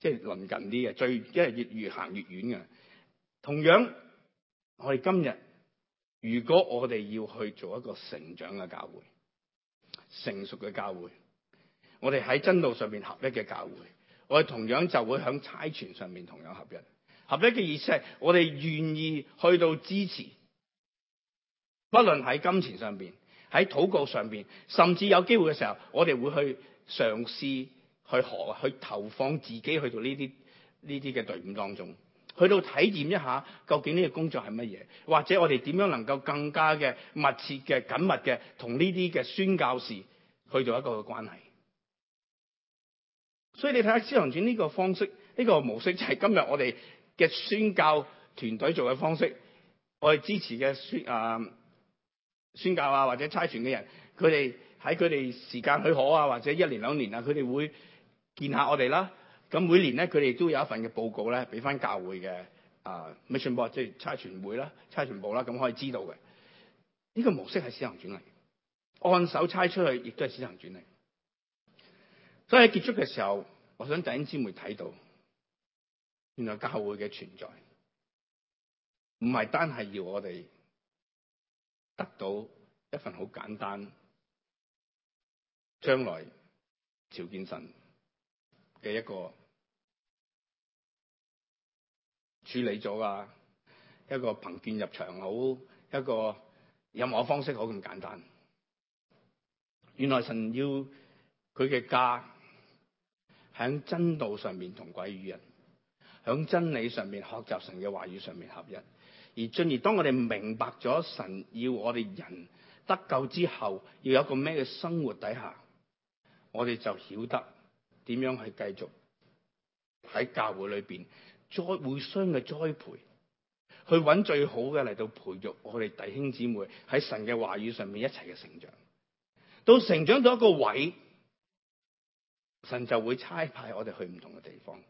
即係鄰近啲嘅。最一係越越行越遠嘅。同樣，我哋今日如果我哋要去做一個成長嘅教會、成熟嘅教會，我哋喺真道上面合一嘅教會，我哋同樣就會響差傳上面同樣合一。合一嘅意思係我哋願意去到支持，不論喺金錢上邊，喺禱告上邊，甚至有機會嘅時候，我哋會去嘗試去學，去投放自己去到呢啲呢啲嘅隊伍當中，去到體驗一下究竟呢個工作係乜嘢，或者我哋點樣能夠更加嘅密切嘅緊密嘅同呢啲嘅宣教士去到一個嘅關係。所以你睇下《使徒行傳》呢個方式，呢、這個模式就係今日我哋嘅宣教團隊做嘅方式，我哋支持嘅宣啊。嗯宣教啊，或者差傳嘅人，佢哋喺佢哋時間許可啊，或者一年兩年啊，佢哋會見下我哋啦。咁每年咧，佢哋都有一份嘅報告咧，俾翻教會嘅啊、uh, mission board，即係差傳會啦、差傳部啦，咁可以知道嘅。呢、這個模式係先行轉嚟，按手差出去亦都係先行轉嚟。所以喺結束嘅時候，我想弟兄姊妹睇到，原來教會嘅存在唔係單係要我哋。得到一份好簡單，將來朝見神嘅一個處理咗啊，一個憑券入場好，一個任何方式好，咁簡單。原來神要佢嘅家響真道上面同鬼語人響真理上面學習神嘅話語上面合一。而進而，當我哋明白咗神要我哋人得救之後，要有一個咩嘅生活底下，我哋就曉得點樣去繼續喺教會裡邊，再互相嘅栽培，去揾最好嘅嚟到培育我哋弟兄姊妹喺神嘅話語上面一齊嘅成長。到成長到一個位，神就會差派我哋去唔同嘅地方，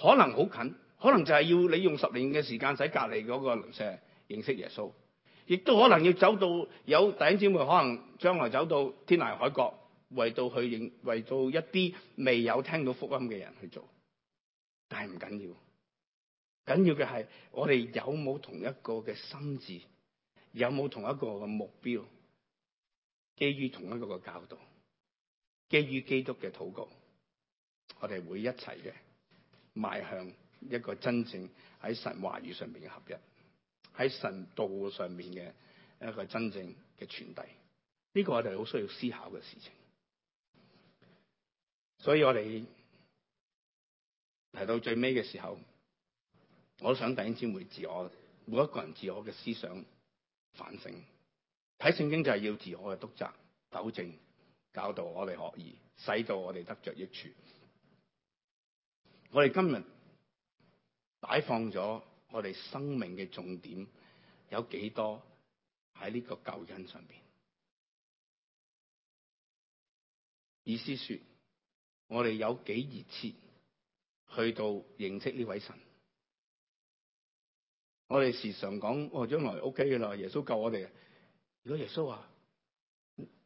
可能好近。可能就係要你用十年嘅時間喺隔籬嗰個鄰舍認識耶穌，亦都可能要走到有弟兄姊妹，可能將來走到天涯海角，為到去認為到一啲未有聽到福音嘅人去做，但係唔緊要，緊要嘅係我哋有冇同一個嘅心志，有冇同一個嘅目標，基於同一個嘅教導，基於基督嘅禱告，我哋會一齊嘅邁向。一個真正喺神話語上面嘅合一，喺神道上面嘅一個真正嘅傳遞，呢個我哋好需要思考嘅事情。所以我哋提到最尾嘅時候，我想弟兄姊妹自我每一個人自我嘅思想反省，睇聖經就係要自我嘅督責、糾正、教導我哋學義，使到我哋得着益處。我哋今日。擺放咗我哋生命嘅重點有幾多喺呢個救恩上邊？意思說，我哋有幾熱切去到認識呢位神？我哋時常講：哦將來 OK 噶啦，耶穌救我哋。如果耶穌話、啊：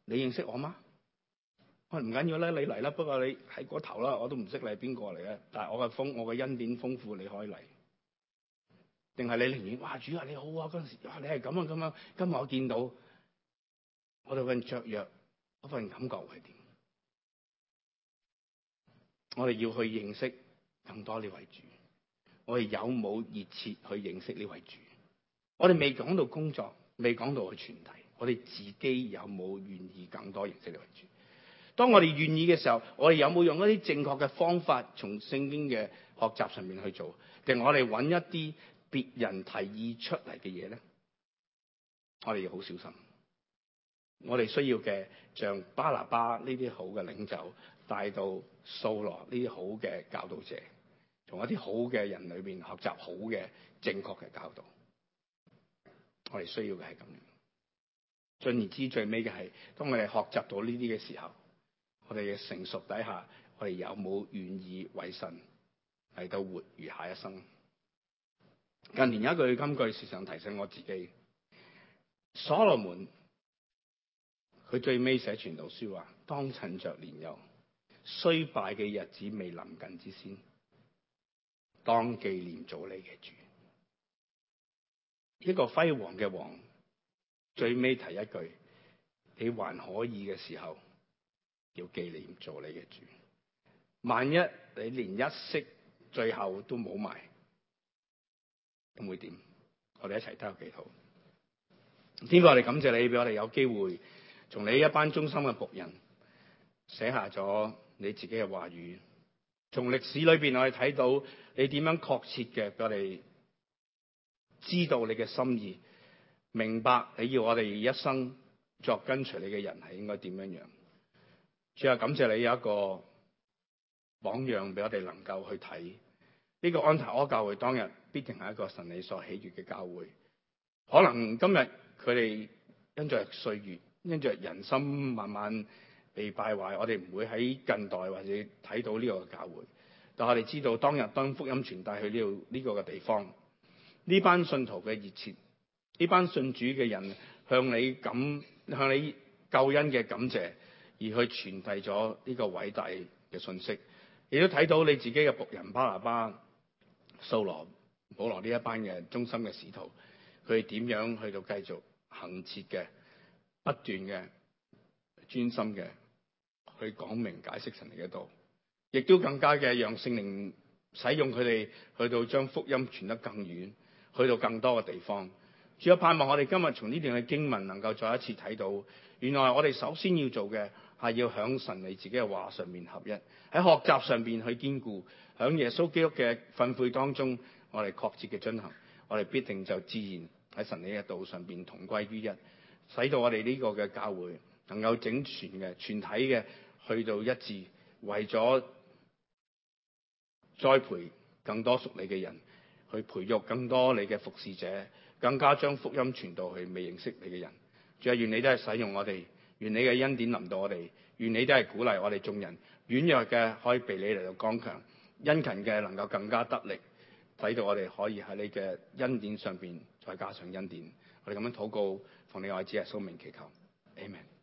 你認識我嗎？我唔緊要啦，你嚟啦。不過你喺嗰、那個、頭啦，我都唔識你係邊個嚟嘅。但係我嘅豐，我嘅恩典豐富，你可以嚟。定係你寧願哇？主啊，你好啊！嗰陣時哇、啊，你係咁樣咁、啊、樣今日我見到我哋份雀躍，嗰份感覺係點？我哋要去認識更多呢位主。我哋有冇熱切去認識呢位主？我哋未講到工作，未講到去傳遞。我哋自己有冇願意更多認識呢位主？當我哋願意嘅時候，我哋有冇用一啲正確嘅方法，從聖經嘅學習上面去做，定我哋揾一啲別人提議出嚟嘅嘢咧？我哋要好小心。我哋需要嘅，像巴拿巴呢啲好嘅領袖，帶到掃羅呢啲好嘅教導者，從一啲好嘅人裏邊學習好嘅正確嘅教導。我哋需要嘅係咁樣。進而至最尾嘅係，當我哋學習到呢啲嘅時候。我哋嘅成熟底下，我哋有冇願意為神嚟到，活餘下一生？近年有一句金句時常提醒我自己，所羅門佢最尾寫傳道書，話當趁着年幼、衰敗嘅日子未臨近之先，當紀念造你嘅主。一個輝煌嘅王，最尾提一句：你還可以嘅時候。要紀念做你嘅主，萬一你連一息最後都冇埋，咁會點？我哋一齊都有祈禱。天父，我哋感謝你，俾我哋有機會，從你一班忠心嘅僕人寫下咗你自己嘅話語。從歷史裏邊，我哋睇到你點樣確切嘅，俾我哋知道你嘅心意，明白你要我哋一生作跟隨你嘅人係應該點樣樣。主要感謝你有一個榜樣俾我哋能夠去睇呢，呢個安提柯教會當日必定係一個神你所喜悅嘅教會。可能今日佢哋因着歲月，因着人心慢慢被敗壞，我哋唔會喺近代或者睇到呢個教會。但係我哋知道當日當福音傳帶去呢度呢個嘅地方，呢班信徒嘅熱切，呢班信主嘅人向你感向你救恩嘅感謝。而去傳遞咗呢個偉大嘅信息，亦都睇到你自己嘅僕人巴拿巴、掃羅、保羅呢一班嘅忠心嘅使徒，佢哋點樣去到繼續恆切嘅、不斷嘅、專心嘅去講明解釋神嚟嘅道，亦都更加嘅讓聖靈使用佢哋去到將福音傳得更遠，去到更多嘅地方。仲有盼望我哋今日從呢段嘅經文能夠再一次睇到，原來我哋首先要做嘅。係要響神你自己嘅話上面合一，喺學習上面去兼顧，響耶穌基督嘅訓誨當中，我哋確切嘅進行，我哋必定就自然喺神你嘅道上邊同歸於一，使到我哋呢個嘅教會能夠整全嘅全體嘅去到一致，為咗栽培更多屬你嘅人，去培育更多你嘅服侍者，更加將福音傳到去未認識你嘅人。主啊，願你都係使用我哋。願你嘅恩典臨到我哋，願你都係鼓勵我哋眾人，軟弱嘅可以被你嚟到剛強，殷勤嘅能夠更加得力，睇到我哋可以喺你嘅恩典上面再加上恩典。我哋咁樣禱告，奉你愛子耶穌名祈求，Amen。